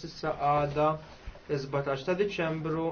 Sissa għada 17 ta' Diċembru